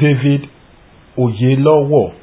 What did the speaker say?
David Oyelowo